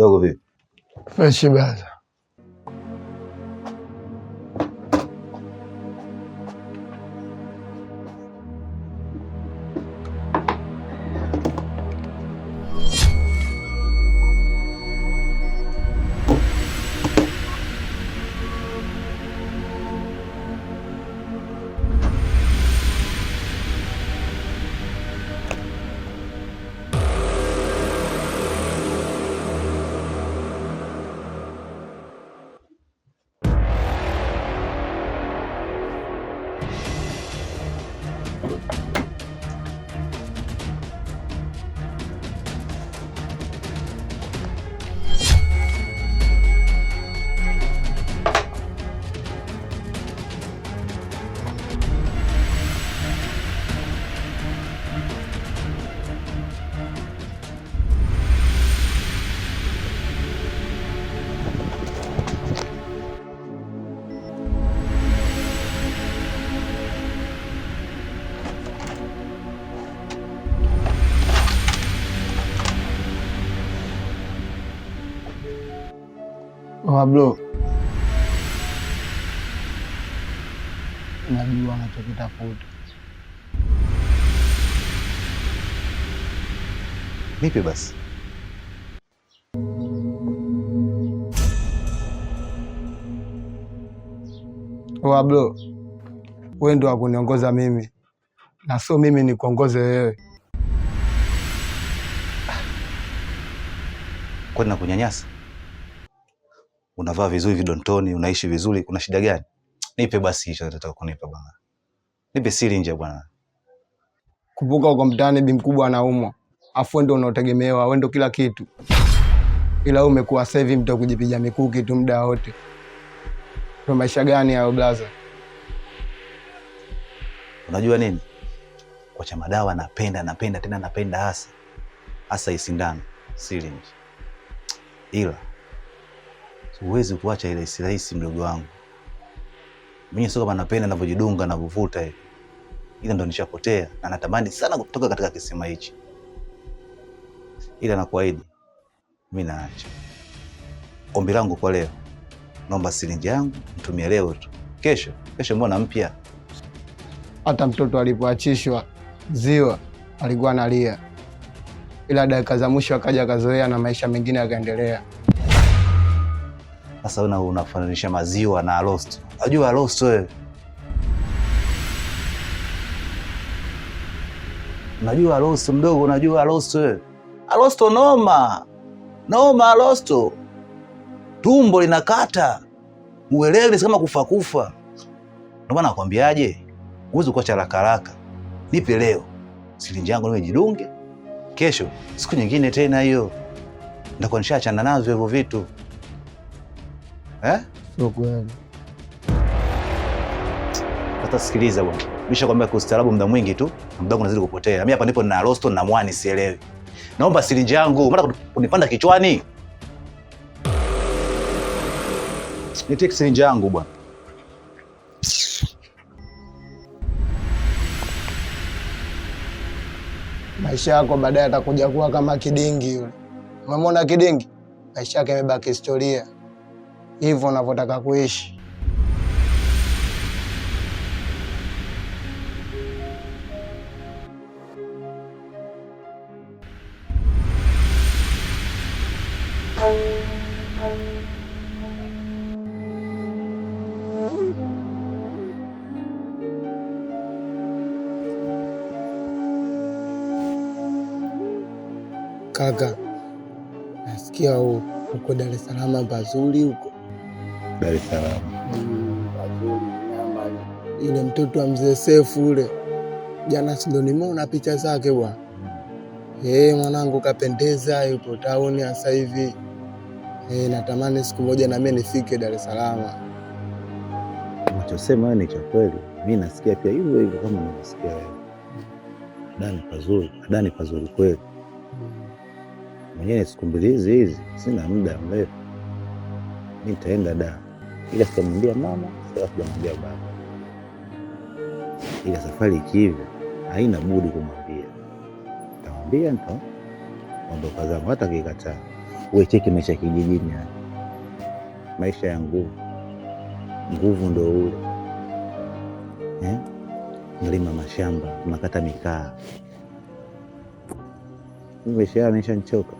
Logo vi. Festival. Pablo, najua unachokitafuta. Nipe basi. Pablo, wewe ndio wakuniongoza mimi na sio mimi nikuongoze wewe. Kwani nakunyanyasa? unavaa vizuri vidontoni, unaishi vizuri, kuna shida gani? Nipe basi hicho nataka kunipa bwana. Nipe siri nje bwana. Kumbuka uko mtaani, bi mkubwa anaumwa, afu ndio unaotegemewa, wewe ndio kila kitu, ila wewe umekuwa sasa mtu kujipiga mikuki tu muda wote. Kwa maisha gani hayo blaza? Unajua nini, kwa cha madawa napenda, napenda tena, napenda hasa hasa isindano siri nje, ila Huwezi kuacha ile rahisi rahisi, mdogo wangu. Mimi sio kama napenda ninavyojidunga na kuvuta hivi. Ile ndo nishapotea na natamani sana kutoka katika kisima hichi. Ila nakuahidi mimi naacha. Ombi langu kwa leo, naomba silinji yangu mtumie leo tu. Kesho kesho, mbona mpya? Hata mtoto alipoachishwa ziwa alikuwa analia, ila dakika za mwisho akaja akazoea na maisha mengine akaendelea. Sasa una unafananisha maziwa na roast. Unajua roast wewe. Unajua roast mdogo, unajua roast wewe. Roast noma. Noma roast. Tumbo linakata. Uwelele kama kufa kufa. Ndio maana nakwambiaje? Uweze kuacha haraka haraka. Nipe leo. Silinji yangu niwe jidunge. Kesho siku nyingine tena hiyo. Ndio kwa nishachana nazo hivyo vitu. Eh? Sio kweli. Hata sikiliza bwana. Nimeshakwambia kustaarabu muda mwingi tu, muda wangu unazidi kupotea. Mimi hapa nipo na Rosto na Mwani sielewi. Naomba sirinji yangu, mara kunipanda kichwani. Nitake sirinji yangu bwana. Maisha yako baadaye atakuja kuwa kama kidingi yule. Umemwona kidingi? Maisha yake yamebaki historia hivyo unavyotaka kuishi. Kaka, nasikia huko Dar es Salaam pazuri huko. Dar es Salaam. Yule mtoto wa mzee Sefu ule jana, sindo nimeona picha zake bwana. Hey, mwanangu kapendeza, yupo tauni sasa hivi. Hey, natamani siku moja na mimi nifike Dar es Salaam. Unachosema ni cha kweli, mi nasikia pia hivyo hivyo kama unavyosikia wewe. Adani pazuri, adani pazuri kweli. Mwenyewe siku mbili hizi hizi sina muda mrefu, mi nitaenda daa ila sikamwambia mama wala sijamwambia baba, ila safari ikiiva haina budi kumwambia. tamwambia nto ondoka zangu, hata kikataa. Wewe cheki maisha kijijini, haya maisha ya nguvu, nguvu ndo ule eh? Mlima mashamba, makata mikaa, maisha yao du nchoka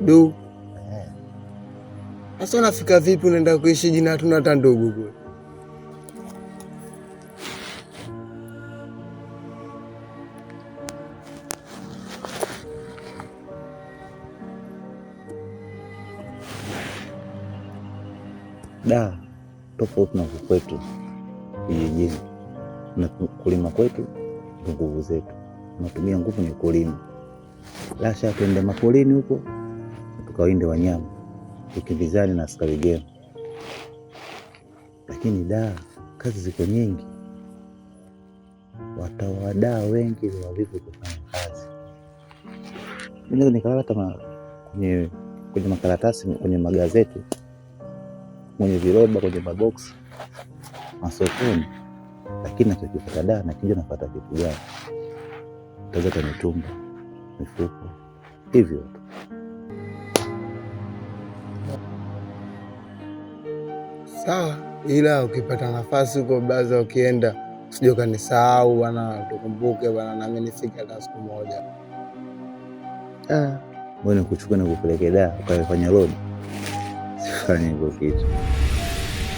du sasa unafika vipi, unaenda kuishi jina hatuna hata ndugu kule? Da, tofauti na kwetu vijijini na kulima kwetu nguvu zetu, tunatumia nguvu ni kulima. Lasha tuende makolini huko tukawinde wanyama tukimbizane na askari gemu, lakini da kazi ziko nyingi, watawadaa wengi wavivu kufanya kazi. Naweza nikalala hata kwenye kwenye makaratasi, kwenye magazeti, kwenye viroba, kwenye maboksi masokoni, lakini nachokipata daa nakija napata kitu gani? Tazatanitumba mifuko hivyo sawa, ah, ila ukipata nafasi huko baza, ukienda usije kanisahau bwana, tukumbuke bwana, nami nifike hata siku moja. Mbona ah. kuchukua na kupelekea da ukafanya road? Sifanye hivyo kitu.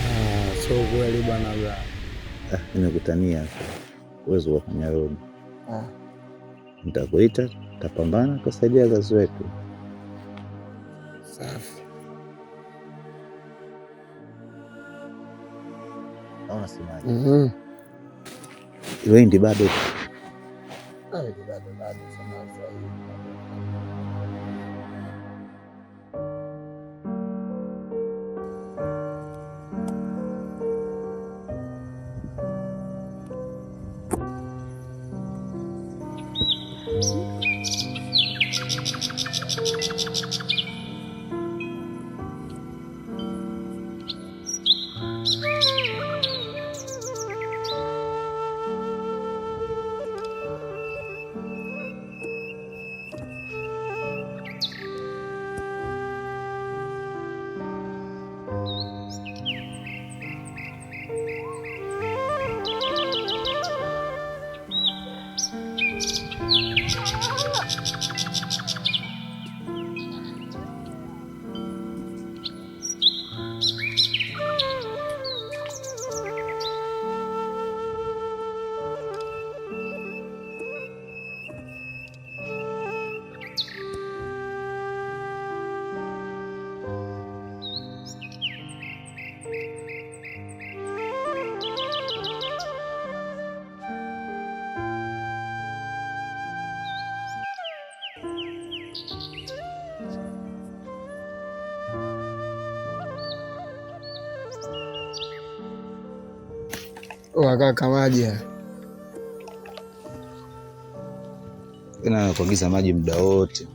Ah, so kweli bwana, nimekutania uwezo wa kufanya road. Nitakuita, tutapambana, tutasaidia kazi wetu. Safi. unasemaje? mm -hmm. Wewe ndi bado wakaka maji tena, nakuagiza maji muda wote.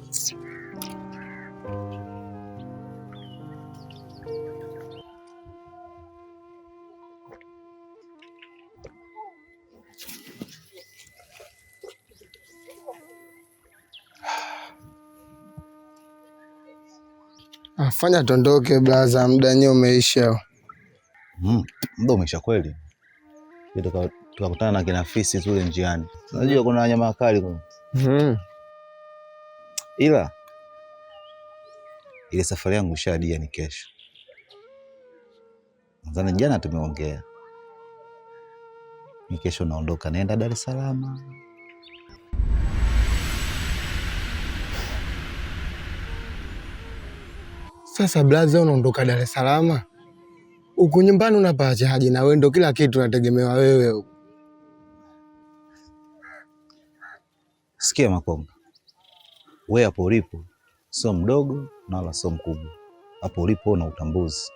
Afanya tondoke blaza, muda wenyewe umeisha. Mm, muda umeisha kweli tukakutana na kina fisi zule njiani. Unajua kuna wanyama wakali mm Ila ile safari yangu ishadia, ni kesho. Nadhani jana tumeongea, ni kesho naondoka, naenda Dar es Salaam. Sasa blaza, unaondoka Dar es Salaam huku nyumbani unapachaje? Na wewe ndo kila kitu nategemewa wewe huku. Sikia Makonga, we hapo ulipo sio mdogo na wala sio mkubwa. Hapo ulipo na utambuzi.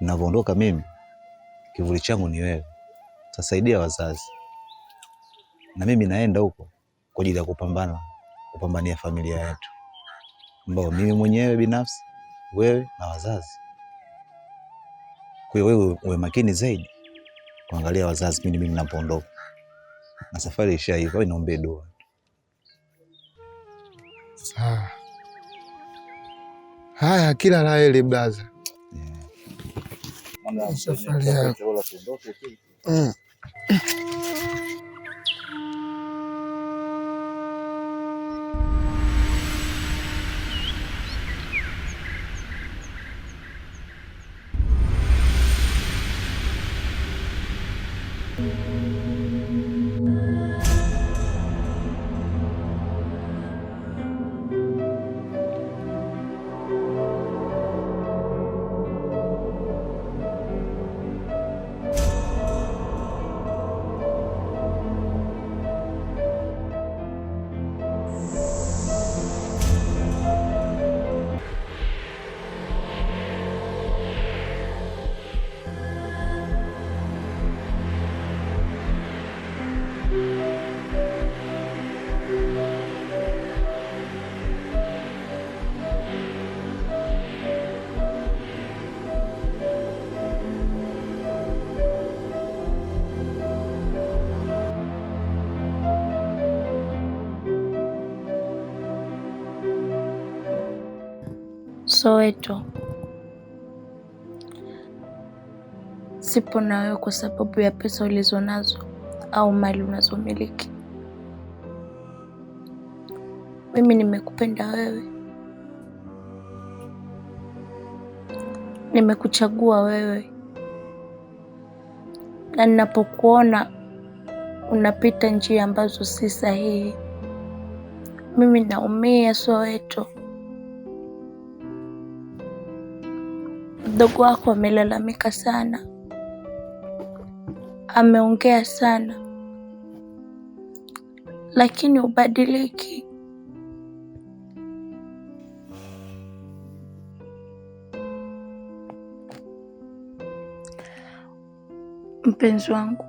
Ninavyoondoka mimi, kivuli changu ni wewe, tasaidia wazazi na mimi naenda huko kwa ajili ya kupambana kupambania familia yetu ambayo mimi mwenyewe binafsi wewe na wazazi. Kwa hiyo wewe uwe makini zaidi kuangalia wazazi mimi mimi ninapoondoka, na safari ishaiva, inaombe dua. Sawa, ah. haya, kila la heri Yeah. safari yako. Mm. Soweto. Sipo na wewe kwa sababu ya pesa ulizonazo au mali unazomiliki. Mimi nimekupenda wewe, nimekuchagua wewe, na ninapokuona unapita njia ambazo si sahihi, mimi naumia Soweto. Mdogo wako amelalamika sana, ameongea sana, lakini ubadiliki. Mpenzi wangu,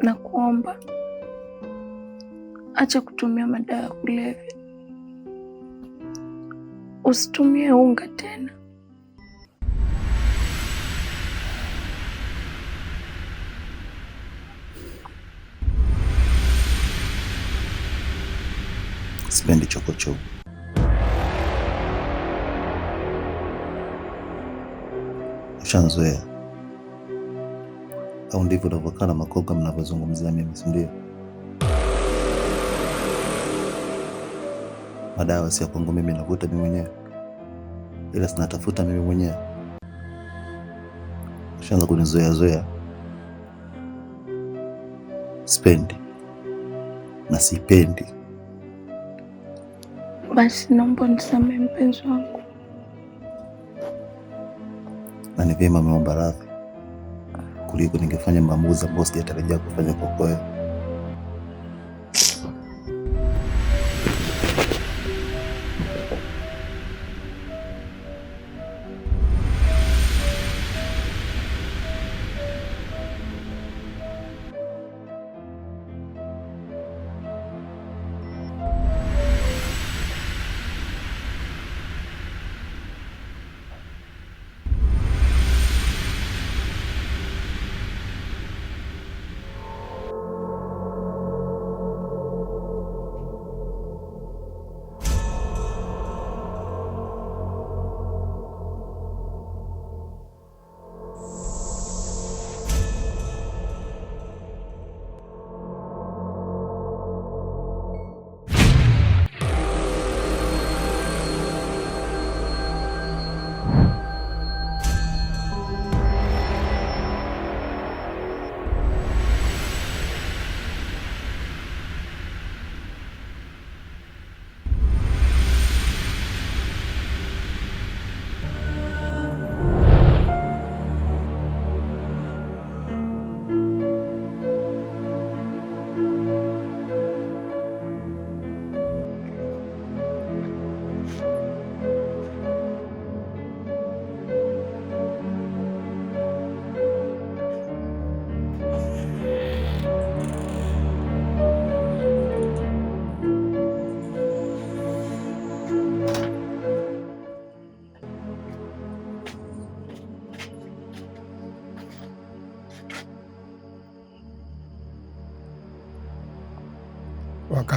nakuomba acha kutumia madawa ya kulevya usitumie unga tena. Sipendi chokochoko. Ushanzoea au ndivyo unavyokaa na makoga mnavyozungumzia mimi, si ndio? Madawa si ya kwangu mimi, navuta mimi mwenyewe ila sinatafuta mimi mwenyewe. Ushaanza kunizoea zoea, sipendi na sipendi. Basi naomba nisamehe mpenzi wangu, na ni vyema ameomba radhi kuliko ningefanya maamuzi ambayo sijatarajia kufanya kwa kweli.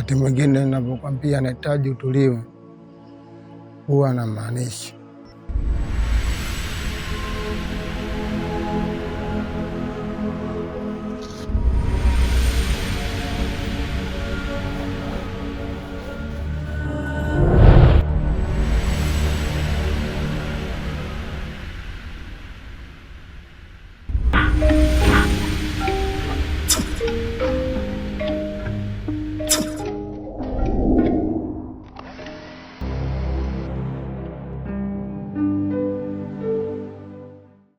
wakati mwingine ninapokwambia nahitaji utulivu, huwa namaanisha